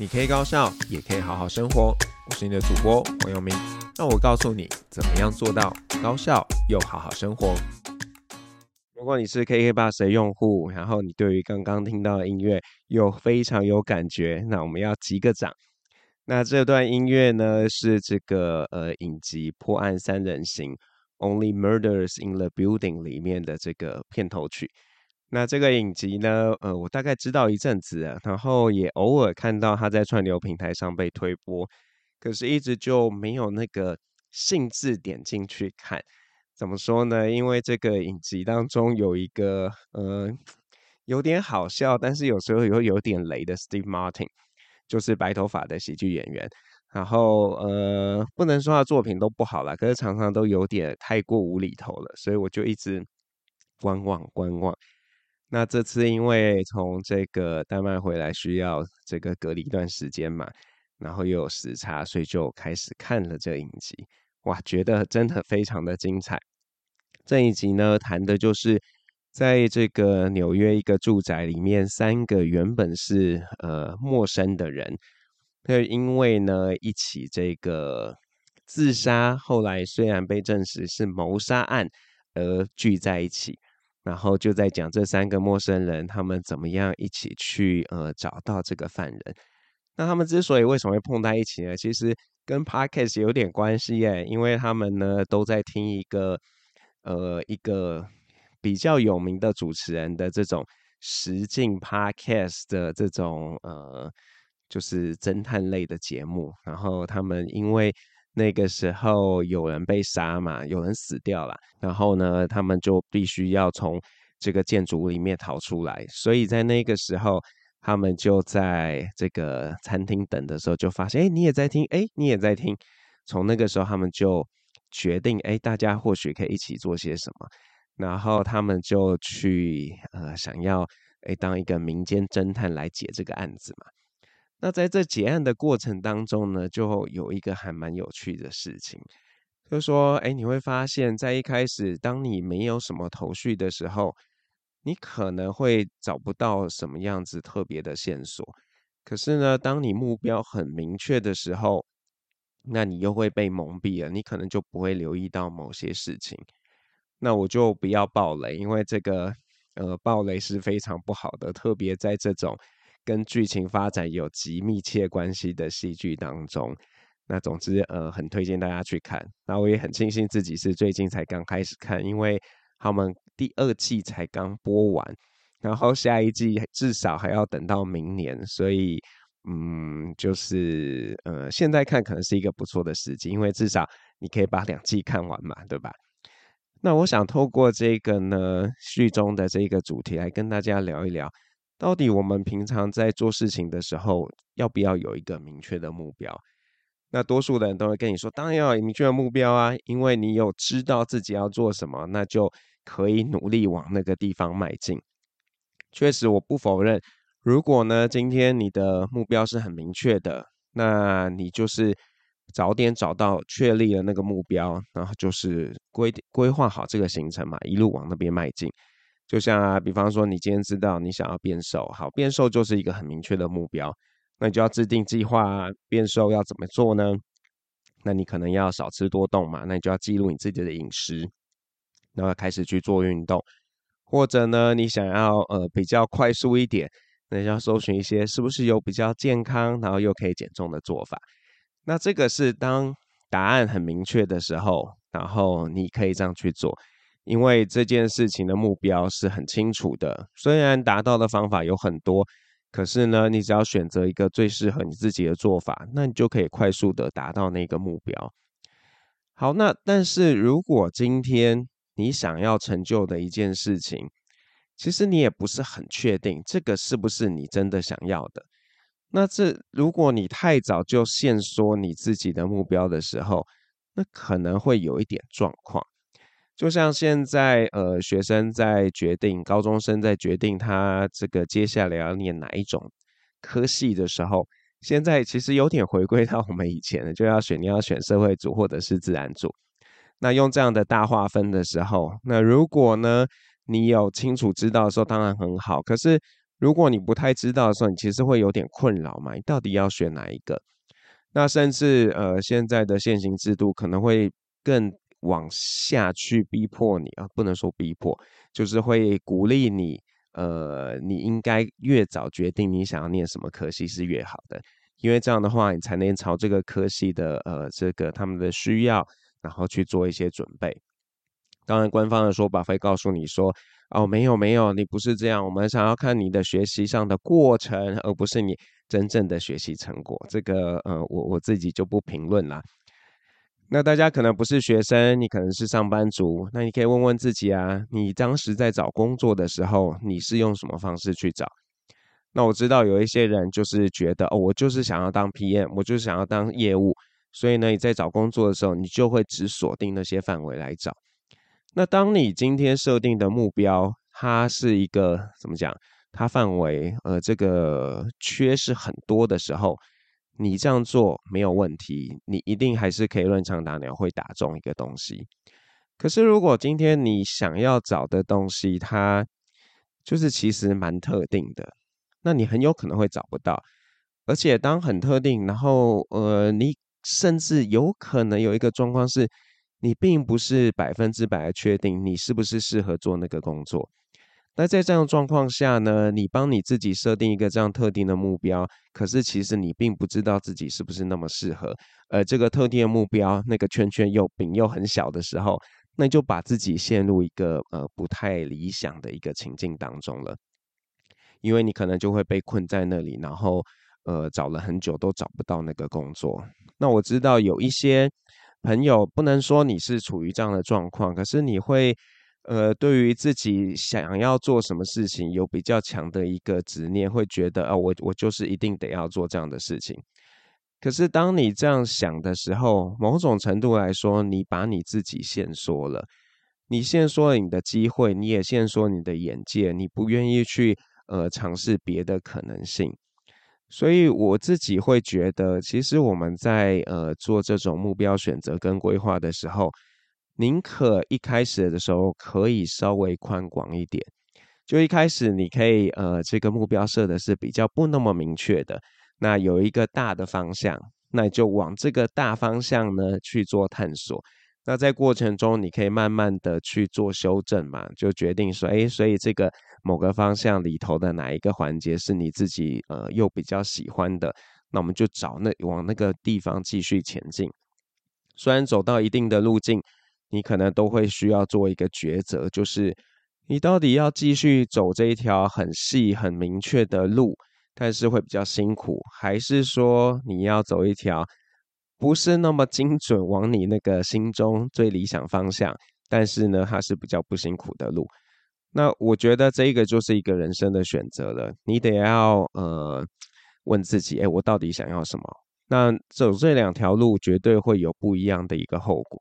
你可以高效，也可以好好生活。我是你的主播黃友明，那我告訴你怎麼樣做到高效又好好生活。如果你是 KKBOX 的用戶，然後你對於剛剛聽到的音樂又非常有感覺，那我們要擊個掌。那這段音樂呢，是這個呃影集《破案三人行》《Only Murders in the Building》裡面的這個片頭曲。那這個影集呢，呃，我大概知道一陣子，然後也偶爾看到他在串流平台上被推播，可是，一直就沒有那個興致點進去看。怎麼說呢？因為這個影集當中有一個呃有點好笑，但是有時候又有點雷的 Steve Martin，就是白頭髮的喜劇演員。然後呃，不能說他作品都不好啦，可是常常都有點太過無厘頭了，所以我就一直觀望觀望。那這次因為從這個丹麥回來需要這個隔離一段時間嘛，然後又有時差，所以就開始看了這影集，哇，覺得真的非常的精彩。這一集呢，談的就是在這個紐約一個住宅裡面，三個原本是呃陌生的人，他因為呢一起這個自殺，後來雖然被證實是謀殺案，而聚在一起。然後就在講這三個陌生人他們怎麼樣一起去呃找到這個犯人。那他們之所以為什麼會碰到一起呢？其實跟 Podcast 有點關係耶，因為他們呢都在聽一個呃一個比較有名的主持人的這種實境 Podcast 的這種呃就是偵探類的節目。然後他們因為。那個時候有人被殺嘛，有人死掉了，然後呢，他們就必須要從這個建築物裡面逃出來。所以在那個時候，他們就在這個餐廳等的時候，就發現，哎，你也在聽，哎，你也在聽。從那個時候，他們就決定，哎，大家或許可以一起做些什麼。然後他們就去，呃，想要，哎，當一個民間偵探來解這個案子嘛。那在這結案的過程當中呢，就有一個還蠻有趣的事情，就是說，哎、欸，你會發現在一開始，當你沒有什麼頭緒的時候，你可能會找不到什麼樣子特別的線索。可是呢，當你目標很明確的時候，那你又會被蒙蔽了，你可能就不會留意到某些事情。那我就不要爆雷，因為這個，呃，爆雷是非常不好的，特別在這種。跟劇情發展有極密切關係的戲劇當中，那總之呃，很推薦大家去看。那我也很慶幸自己是最近才剛開始看，因為他們第二季才剛播完，然後下一季至少還要等到明年，所以嗯，就是呃，現在看可能是一個不錯的時機，因為至少你可以把兩季看完嘛，對吧？那我想透過這個呢，劇中的這個主題來跟大家聊一聊。到底我們平常在做事情的時候，要不要有一個明確的目標？那多數人都會跟你說，當然要有明確的目標啊，因為你有知道自己要做什麼，那就可以努力往那個地方邁進。確實，我不否認，如果呢，今天你的目標是很明確的，那你就是早點找到確立了那個目標，然後就是規規劃好這個行程嘛，一路往那邊邁進。就像啊，比方說，你今天知道你想要變瘦，好，變瘦就是一個很明確的目標，那你就要制定計劃，變瘦要怎麼做呢？那你可能要少吃多動嘛，那你就要記錄你自己的飲食，然後開始去做運動，或者呢，你想要呃比較快速一點，那你就要搜尋一些是不是有比較健康，然後又可以減重的做法。那這個是當答案很明確的時候，然後你可以這樣去做。因為這件事情的目標是很清楚的，雖然達到的方法有很多，可是呢，你只要選擇一個最適合你自己的做法，那你就可以快速的達到那個目標。好，那但是如果今天你想要成就的一件事情，其實你也不是很確定這個是不是你真的想要的。那這如果你太早就限縮你自己的目標的時候，那可能會有一點狀況。就像現在，呃，學生在決定高中生在決定他這個接下來要念哪一種科系的時候，現在其實有點回歸到我們以前的，就要選你要選社會組或者是自然組。那用這樣的大劃分的時候，那如果呢，你有清楚知道的時候，當然很好。可是如果你不太知道的時候，你其實會有點困擾嘛，你到底要選哪一個？那甚至呃現在的現行制度可能會更。往下去逼迫你啊，不能說逼迫，就是會鼓勵你。呃，你應該越早決定你想要念什麼科系是越好的，因為這樣的話你才能朝這個科系的呃這個他們的需要，然後去做一些準備。當然，官方的說法會告訴你說，哦，沒有沒有，你不是這樣，我們想要看你的學習上的過程，而不是你真正的學習成果。這個呃，我我自己就不評論啦。那大家可能不是學生，你可能是上班族，那你可以問問自己啊，你當時在找工作的時候，你是用什麼方式去找？那我知道有一些人就是覺得，哦，我就是想要當 PM，我就是想要當業務，所以呢，你在找工作的時候，你就會只鎖定那些範圍來找。那當你今天設定的目標，它是一個怎麼講？它範圍呃，這個缺是很多的時候。你這樣做沒有問題，你一定還是可以亂槍打鳥，會打中一個東西。可是，如果今天你想要找的東西，它就是其實蠻特定的，那你很有可能會找不到。而且，當很特定，然後呃，你甚至有可能有一個狀況是，你並不是百分之百的確定你是不是適合做那個工作。那在這樣的狀況下呢，你幫你自己設定一個這樣特定的目標，可是其實你並不知道自己是不是那麼適合。而、呃、這個特定的目標，那個圈圈，又餅又很小的時候，那就把自己陷入一個呃不太理想的一個情境當中了，因為你可能就會被困在那裡，然後呃找了很久都找不到那個工作。那我知道有一些朋友，不能說你是處於這樣的狀況，可是你會。呃，對於自己想要做什麼事情，有比較強的一個執念，會覺得啊、呃，我我就是一定得要做這樣的事情。可是當你這樣想的時候，某種程度來說，你把你自己限縮了，你限縮了你的機會，你也限縮你的眼界，你不願意去呃嘗試別的可能性。所以我自己會覺得，其實我們在呃做這種目標選擇跟規劃的時候，寧可一開始的時候可以稍微寬廣一點，就一開始你可以呃，這個目標設的是比較不那麼明確的，那有一個大的方向，那就往這個大方向呢去做探索。那在過程中，你可以慢慢的去做修正嘛，就決定說，哎、欸，所以這個某個方向裡頭的哪一個環節是你自己呃又比較喜歡的，那我們就找那往那個地方繼續前進。雖然走到一定的路徑，你可能都會需要做一個抉擇，就是你到底要繼續走這一條很細、很明確的路，但是會比較辛苦，還是說你要走一條不是那麼精準，往你那個心中最理想方向，但是呢，它是比較不辛苦的路。那我覺得這個就是一個人生的選擇了，你得要呃問自己，哎，我到底想要什麼？那走這兩條路，絕對會有不一樣的一個後果。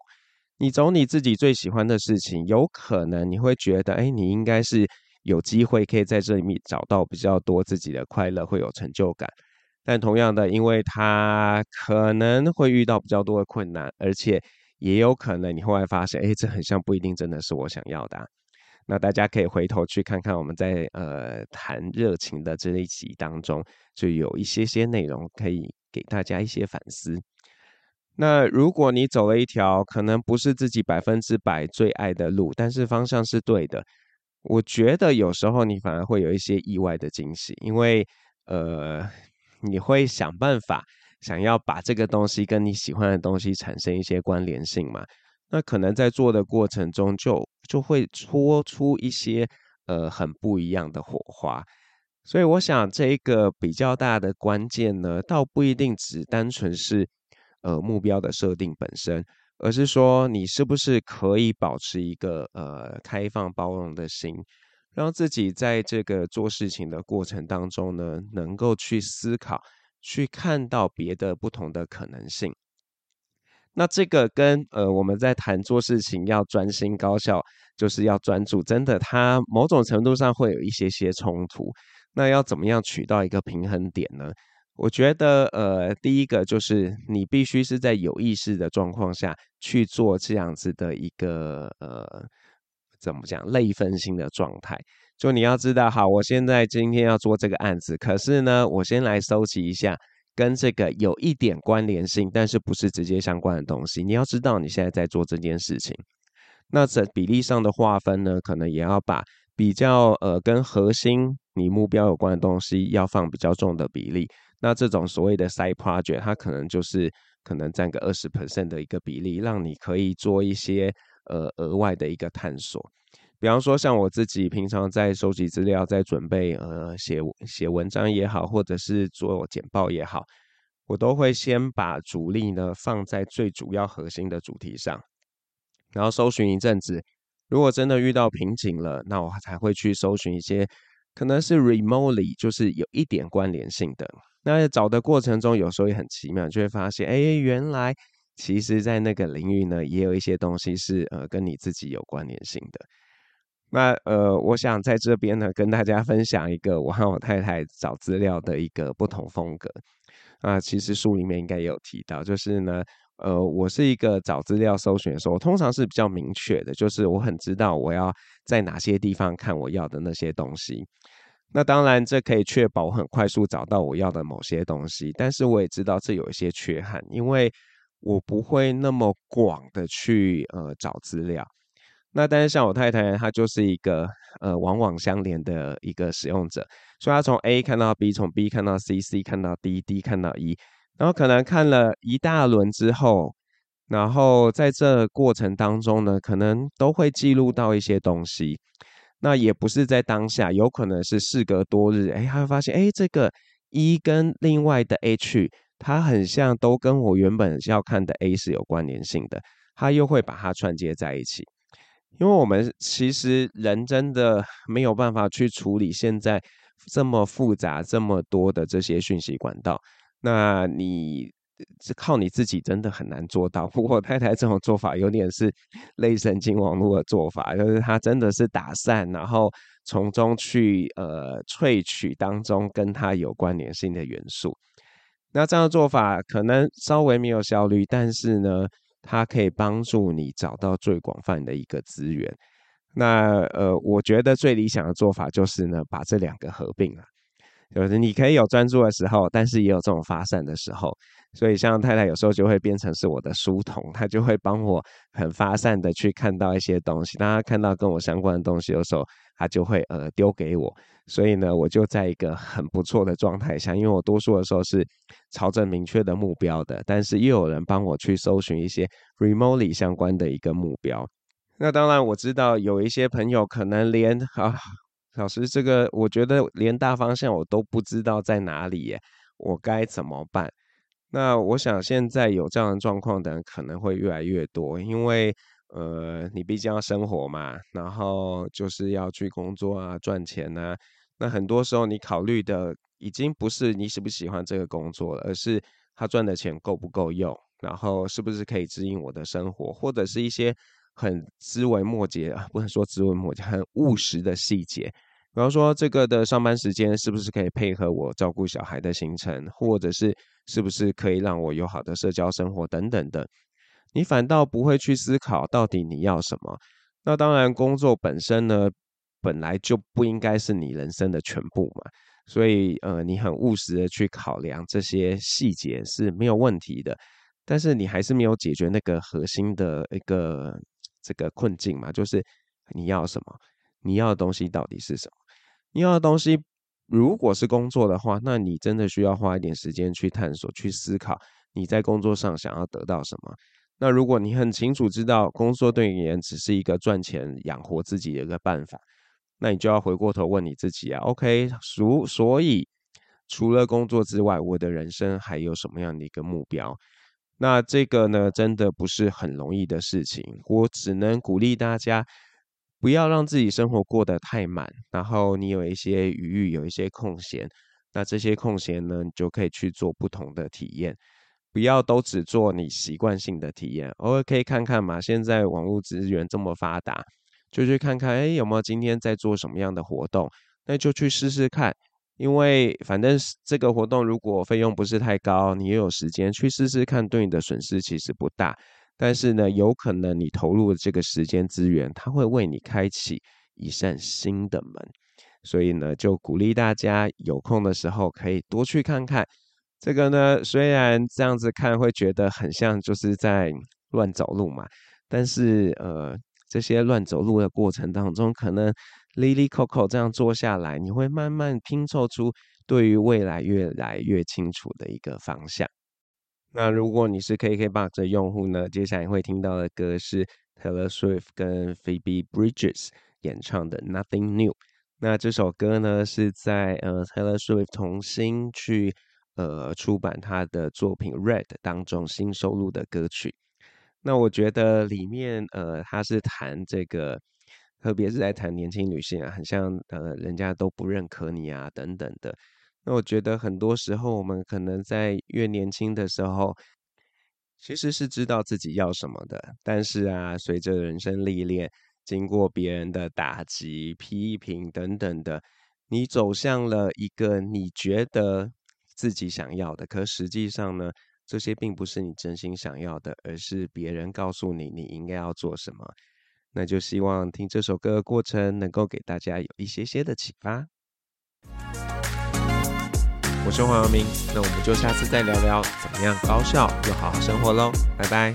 你走你自己最喜歡的事情，有可能你會覺得，哎，你應該是有機會可以在這裡面找到比較多自己的快樂，會有成就感。但同樣的，因為他可能會遇到比較多的困難，而且也有可能你後來發現，哎，這很像不一定真的是我想要的啊。那大家可以回頭去看看，我們在呃談熱情的這一集當中，就有一些些內容可以給大家一些反思。那如果你走了一條可能不是自己百分之百最愛的路，但是方向是對的，我覺得有時候你反而會有一些意外的驚喜，因為呃，你會想辦法想要把這個東西跟你喜歡的東西產生一些關聯性嘛，那可能在做的過程中就就會戳出一些呃很不一樣的火花，所以我想這一個比較大的關鍵呢，倒不一定只單純是。呃，目標的設定本身，而是說你是不是可以保持一個呃開放包容的心，讓自己在這個做事情的過程當中呢，能夠去思考，去看到別的不同的可能性。那這個跟呃我們在談做事情要專心高效，就是要專注，真的，它某種程度上會有一些些衝突。那要怎麼樣取到一個平衡點呢？我覺得，呃，第一個就是你必須是在有意識的狀況下去做這樣子的一個，呃，怎麼講，類分心的狀態。就你要知道，好，我現在今天要做這個案子，可是呢，我先來蒐集一下跟這個有一點關聯性，但是不是直接相關的東西。你要知道你現在在做這件事情，那在比例上的劃分呢，可能也要把比較，呃，跟核心你目標有關的東西要放比較重的比例。那這種所謂的 side project，它可能就是可能佔個二十 percent 的一個比例，讓你可以做一些呃額外的一個探索。比方說，像我自己平常在收集資料、在準備呃寫寫文章也好，或者是做我簡報也好，我都會先把主力呢放在最主要核心的主題上，然後搜尋一陣子。如果真的遇到瓶頸了，那我才會去搜尋一些可能是 remotely，就是有一點關聯性的。那找的過程中，有時候也很奇妙，就會發現，哎、欸，原來其實在那個領域呢，也有一些東西是呃跟你自己有關聯性的。那呃，我想在這邊呢，跟大家分享一個我和我太太找資料的一個不同風格。那其實書裡面應該也有提到，就是呢，呃，我是一個找資料搜尋的時候，我通常是比較明確的，就是我很知道我要在哪些地方看我要的那些東西。那當然，這可以確保我很快速找到我要的某些東西，但是我也知道這有一些缺憾，因為我不會那麼廣的去呃找資料。那但是像我太太，她就是一個呃網網相連的一個使用者，所以她從 A 看到 B，從 B 看到 C，C 看到 D，D 看到 E，然後可能看了一大輪之後，然後在這個過程當中呢，可能都會記錄到一些東西。那也不是在當下，有可能是事隔多日，誒，他會發現，誒，這個一、e、跟另外的 H，它很像，都跟我原本是要看的 A 是有關聯性的，他又會把它串接在一起，因為我們其實人真的沒有辦法去處理現在這麼複雜、這麼多的這些訊息管道，那你。是靠你自己真的很難做到。我太太這種做法有點是類神經網絡的做法，就是他真的是打散，然後從中去呃萃取當中跟他有關聯性的元素。那這樣的做法可能稍微沒有效率，但是呢，它可以幫助你找到最廣泛的一個資源。那呃，我覺得最理想的做法就是呢，把這兩個合併了啊。就是你可以有專注的時候，但是也有這種發散的時候。所以像太太有時候就會變成是我的書童，她就會幫我很發散的去看到一些東西。當她看到跟我相關的東西的時候，她就會呃丟給我。所以呢，我就在一個很不錯的狀態下，因為我多數的時候是朝着明確的目標的，但是又有人幫我去搜尋一些 remotely 相關的一個目標。那當然，我知道有一些朋友可能連啊。老師，這個我覺得連大方向我都不知道在哪裡耶，我該怎麼辦？那我想現在有這樣的狀況的人可能會越來越多，因為呃，你畢竟要生活嘛，然後就是要去工作啊，賺錢啊。那很多時候你考慮的已經不是你喜不喜歡這個工作了，而是他賺的錢夠不夠用，然後是不是可以指引我的生活，或者是一些很枝微末節啊，不能說枝微末節，很務實的細節。比方說，這個的上班時間是不是可以配合我照顧小孩的行程，或者是是不是可以讓我有好的社交生活等等的，你反倒不會去思考到底你要什麼。那當然，工作本身呢，本來就不應該是你人生的全部嘛。所以，呃，你很務實的去考量這些細節是沒有問題的，但是你還是沒有解決那個核心的一個這個困境嘛，就是你要什麼。你要的東西到底是什麼？你要的東西如果是工作的話，那你真的需要花一點時間去探索、去思考你在工作上想要得到什麼。那如果你很清楚知道工作對你而言只是一個賺錢養活自己的一個辦法，那你就要回過頭問你自己啊，OK，所所以，除了工作之外，我的人生還有什麼樣的一個目標？那這個呢，真的不是很容易的事情。我只能鼓勵大家。不要讓自己生活過得太滿，然後你有一些餘裕，有一些空閒，那這些空閒呢，你就可以去做不同的體驗，不要都只做你習慣性的體驗，ok 可以看看嘛。現在網絡資源這麼發達，就去看看，哎、欸，有沒有今天在做什麼樣的活動？那就去試試看，因為反正這個活動如果費用不是太高，你又有時間去試試看，對你的損失其實不大。但是呢，有可能你投入這個時間資源，它會為你開啟一扇新的門。所以呢，就鼓勵大家有空的時候可以多去看看。這個呢，雖然這樣子看會覺得很像就是在亂走路嘛，但是呃，這些亂走路的過程當中，可能哩哩摳摳這樣做下來，你會慢慢拼湊出對於未來越來越清楚的一個方向。那如果你是 KKBOX 的用戶呢，接下來你會聽到的歌是 Taylor Swift 跟 Phoebe Bridges 演唱的《Nothing New》。那這首歌呢，是在呃 Taylor Swift 重新去呃出版他的作品《Red》當中新收錄的歌曲。那我覺得裡面呃他是談這個，特別是在談年輕女性啊，很像呃人家都不認可你啊等等的。那我覺得很多時候，我們可能在越年輕的時候，其實是知道自己要什麼的。但是啊，隨着人生歷練，經過別人的打擊、批評等等的，你走向了一個你覺得自己想要的，可實際上呢，這些並不是你真心想要的，而是別人告訴你你應該要做什麼。那就希望聽這首歌的過程，能夠給大家有一些些的啟發。我是黃耀明，那我們就下次再聊聊怎麼樣高效又好好生活嘍，拜拜。